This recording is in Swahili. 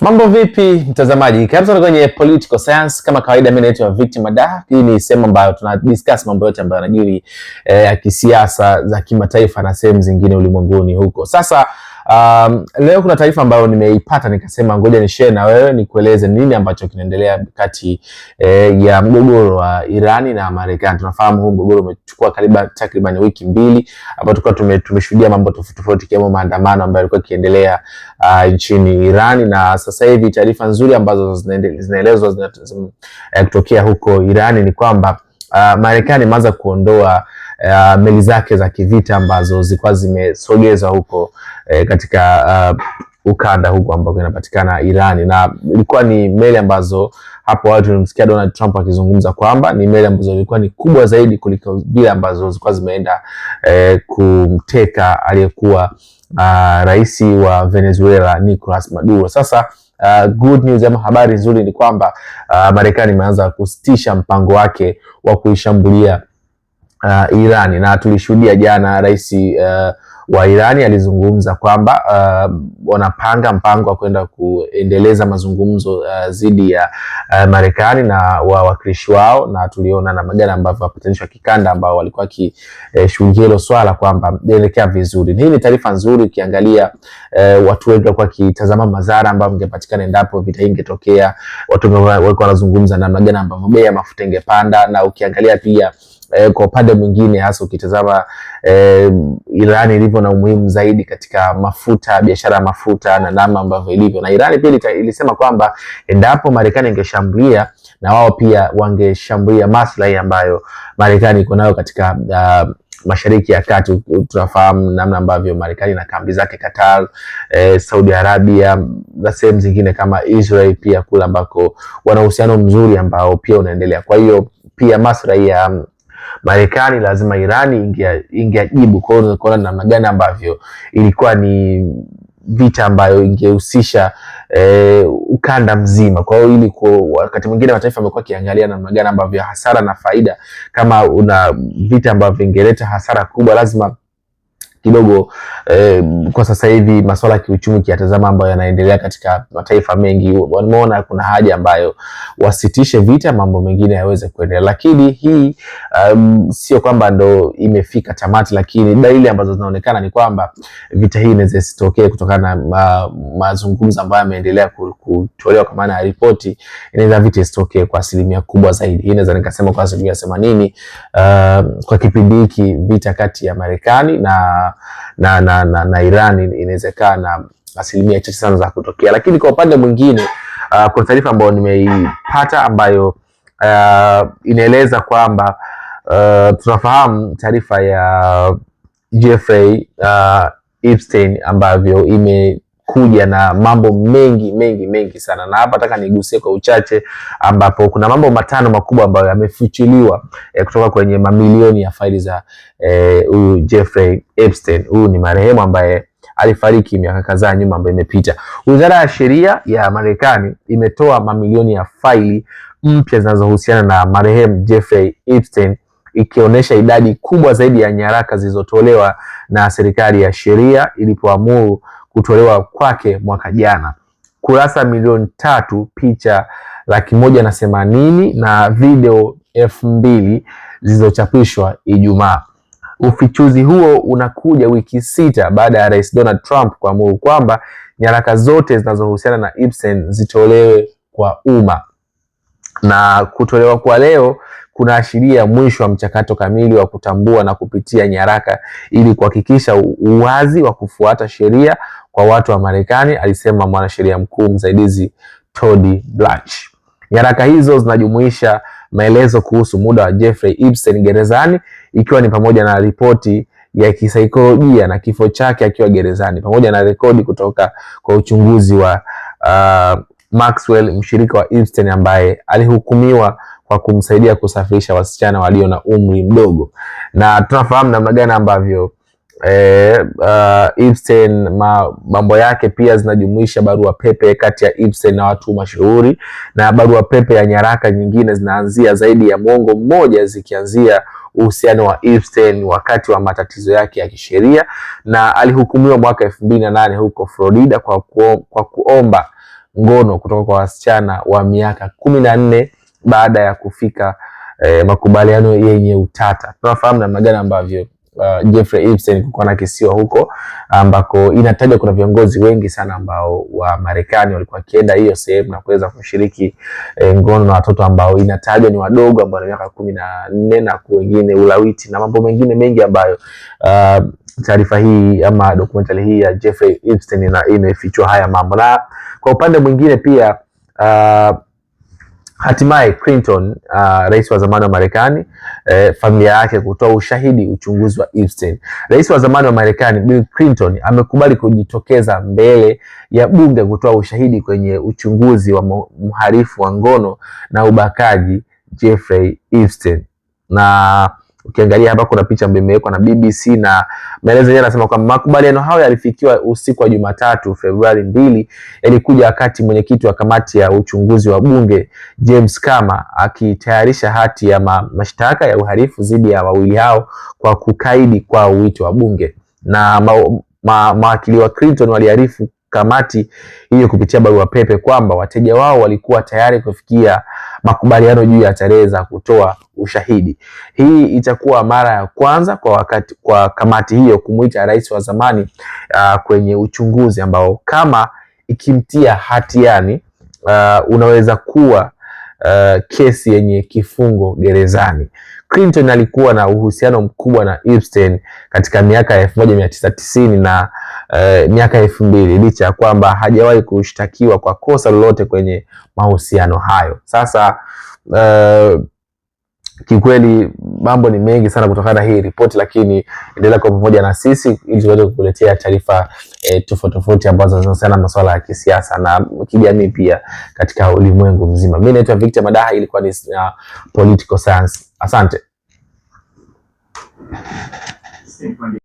Mambo vipi mtazamaji, karibu kwenye Political Science. Kama kawaida, mimi naitwa Victor Mada. Hii ni sehemu ambayo tuna discuss mambo yote ambayo yanajiri eh, ya eh, kisiasa za kimataifa na sehemu zingine ulimwenguni huko. Sasa Um, leo kuna taarifa ambayo nimeipata nikasema ngoja ni share na wewe nikueleze nini ambacho kinaendelea kati eh, ya mgogoro wa Irani na Marekani. Tunafahamu huu mgogoro umechukua kariba takriban wiki mbili ambapo tulikuwa tumeshuhudia mambo tofauti tofauti ikiwemo maandamano ambayo yalikuwa yakiendelea uh, nchini Irani na sasa hivi taarifa nzuri ambazo zinaelezwa eh, kutokea huko Irani ni kwamba uh, Marekani imeanza kuondoa uh, meli zake za kivita ambazo zilikuwa zimesogezwa huko eh, katika uh, ukanda huko ambako inapatikana Irani, na ilikuwa ni meli ambazo hapo watu tulimsikia Donald Trump akizungumza kwamba ni meli ambazo zilikuwa ni kubwa zaidi kuliko zile ambazo zilikuwa zimeenda eh, kumteka aliyekuwa uh, rais wa Venezuela Nicolas Maduro. Sasa Uh, good news ama habari nzuri ni kwamba uh, Marekani imeanza kusitisha mpango wake wa kuishambulia uh, Irani na tulishuhudia jana rais uh, wa Irani alizungumza kwamba uh, wanapanga mpango wa kwenda kuendeleza mazungumzo uh, ya uh, Marekani na wawakilishi wao, na tuliona na magari ambavyo wapatanishi wa kikanda ambao walikuwa wakishughulikia eh, hilo swala kwamba inaelekea vizuri. Hii ni taarifa nzuri ukiangalia, eh, watu wengi walikuwa wakitazama madhara ambayo ingepatikana endapo vita hii ingetokea. Watu walikuwa wanazungumza namna gani ambavyo bei ya mafuta ingepanda, na ukiangalia pia eh, kwa upande mwingine hasa ukitazama eh, Iran ilivyo na umuhimu zaidi katika mafuta, biashara ya mafuta na namna ambavyo ilivyo. Na Iran pia ilisema kwamba endapo Marekani ingeshambulia na wao pia wangeshambulia maslahi ambayo Marekani iko nayo katika uh, Mashariki ya Kati. Tunafahamu namna ambavyo Marekani na kambi zake Qatar, eh, Saudi Arabia na sehemu zingine kama Israel pia kule ambako wana uhusiano mzuri ambao pia unaendelea. Kwa hiyo pia maslahi ya Marekani lazima Irani ingeajibu. Kwa hiyo unaweza kuona namna gani ambavyo ilikuwa ni vita ambayo ingehusisha e, ukanda mzima. Kwa hiyo ili wakati mwingine mataifa amekuwa akiangalia namna gani ambavyo hasara na faida, kama una vita ambavyo ingeleta hasara kubwa lazima kidogo eh, kwa sasa hivi masuala ya kiuchumi kiyatazama ambayo yanaendelea katika mataifa mengi, wameona kuna haja ambayo wasitishe vita, mambo mengine yaweze kuendelea. Lakini hii um, sio kwamba ndo imefika tamati, lakini dalili ambazo zinaonekana ni kwamba vita hii inaweza isitokee kutokana na mazungumzo ambayo yameendelea kutolewa, kwa maana ya ripoti, inaweza vita isitokee kwa asilimia kubwa zaidi. Inaweza nikasema kwa asilimia themanini, uh, kwa kipindi hiki vita kati ya Marekani na na, na, na, na Iran inawezekana asilimia chache sana za kutokea. Lakini kwa upande mwingine uh, kuna taarifa ambayo nimeipata ambayo uh, inaeleza kwamba uh, tunafahamu taarifa ya Jeffrey uh, Epstein ambavyo ime kuja na mambo mengi mengi mengi sana, na hapa nataka nigusie kwa uchache, ambapo kuna mambo matano makubwa ambayo yamefichuliwa e, kutoka kwenye mamilioni ya faili za eh, huyu eh, Jeffrey Epstein. Huyu ni marehemu ambaye alifariki miaka kadhaa nyuma ambayo imepita. Wizara ya Sheria ya Marekani imetoa mamilioni ya faili mpya zinazohusiana na marehemu Jeffrey Epstein ikionyesha idadi kubwa zaidi ya nyaraka zilizotolewa na serikali ya sheria ilipoamuru kutolewa kwake mwaka jana, kurasa milioni tatu, picha laki moja na themanini na video elfu mbili zilizochapishwa Ijumaa. Ufichuzi huo unakuja wiki sita baada ya Rais Donald Trump kuamuru kwamba nyaraka zote zinazohusiana na Ibsen zitolewe kwa umma, na kutolewa kwa leo kunaashiria mwisho wa mchakato kamili wa kutambua na kupitia nyaraka ili kuhakikisha uwazi wa kufuata sheria kwa watu wa Marekani, alisema mwanasheria mkuu msaidizi Todd Blanche. Nyaraka hizo zinajumuisha maelezo kuhusu muda wa Jeffrey Epstein gerezani, ikiwa ni pamoja na ripoti ya kisaikolojia na kifo chake akiwa gerezani, pamoja na rekodi kutoka kwa uchunguzi wa uh, Maxwell, mshirika wa Epstein ambaye alihukumiwa kwa kumsaidia kusafirisha wasichana walio na umri mdogo, na tunafahamu namna gani ambavyo eh, uh, Ibsen ma, mambo yake pia zinajumuisha barua pepe kati ya Ibsen na watu mashuhuri na barua pepe ya nyaraka nyingine zinaanzia zaidi ya mwongo mmoja zikianzia uhusiano wa Ibsen wakati wa matatizo yake ya kisheria, na alihukumiwa mwaka elfu mbili na nane huko Florida kwa, kuom, kwa kuomba ngono kutoka kwa wasichana wa miaka kumi na nne baada ya kufika eh, makubaliano yenye utata. Tunafahamu namna gani ambavyo Uh, Jeffrey Epstein kulikuwa na kisiwa huko ambako inatajwa kuna viongozi wengi sana ambao wa Marekani walikuwa wakienda hiyo sehemu na kuweza kushiriki eh, ngono na watoto ambao inataja ni wadogo ambao na miaka kumi na nne na wengine ulawiti na mambo mengine mengi ambayo uh, taarifa hii ama dokumentari hii ya Jeffrey Epstein imefichua haya mambo, na kwa upande mwingine pia uh, Hatimaye Clinton uh, rais wa zamani wa Marekani eh, familia yake kutoa ushahidi uchunguzi wa Epstein. Rais wa zamani wa Marekani Bill Clinton amekubali kujitokeza mbele ya bunge kutoa ushahidi kwenye uchunguzi wa mhalifu wa ngono na ubakaji Jeffrey Epstein na Ukiangalia hapa kuna picha ambayo imewekwa na BBC na maelezo yenyewe yanasema kwamba makubaliano hayo yalifikiwa usiku wa Jumatatu Februari mbili, yalikuja wakati mwenyekiti wa kamati ya uchunguzi wa bunge James Kama akitayarisha hati ya ma mashtaka ya uhalifu dhidi ya wawili hao kwa kukaidi kwa wito wa bunge na mawakili ma wa Clinton waliarifu kamati hiyo kupitia barua pepe kwamba wateja wao walikuwa tayari kufikia makubaliano juu ya tarehe za kutoa ushahidi. Hii itakuwa mara ya kwanza kwa wakati, kwa kamati hiyo kumwita rais wa zamani uh, kwenye uchunguzi ambao kama ikimtia hatiani uh, unaweza kuwa Uh, kesi yenye kifungo gerezani. Clinton alikuwa na uhusiano mkubwa na Epstein katika miaka ya elfu moja mia tisa tisini na eh, miaka elfu mbili licha ya kwamba hajawahi kushtakiwa kwa kosa lolote kwenye mahusiano hayo. Sasa eh, kikweli mambo ni mengi sana kutokana na hii ripoti, lakini endelea kwa pamoja na sisi ili tuweze kukuletea taarifa e, tofauti tofauti ambazo zinahusiana na masuala ya kisiasa na kijamii pia katika ulimwengu mzima. Mimi naitwa Victor Madaha, ilikuwa ni uh, Political Science. Asante.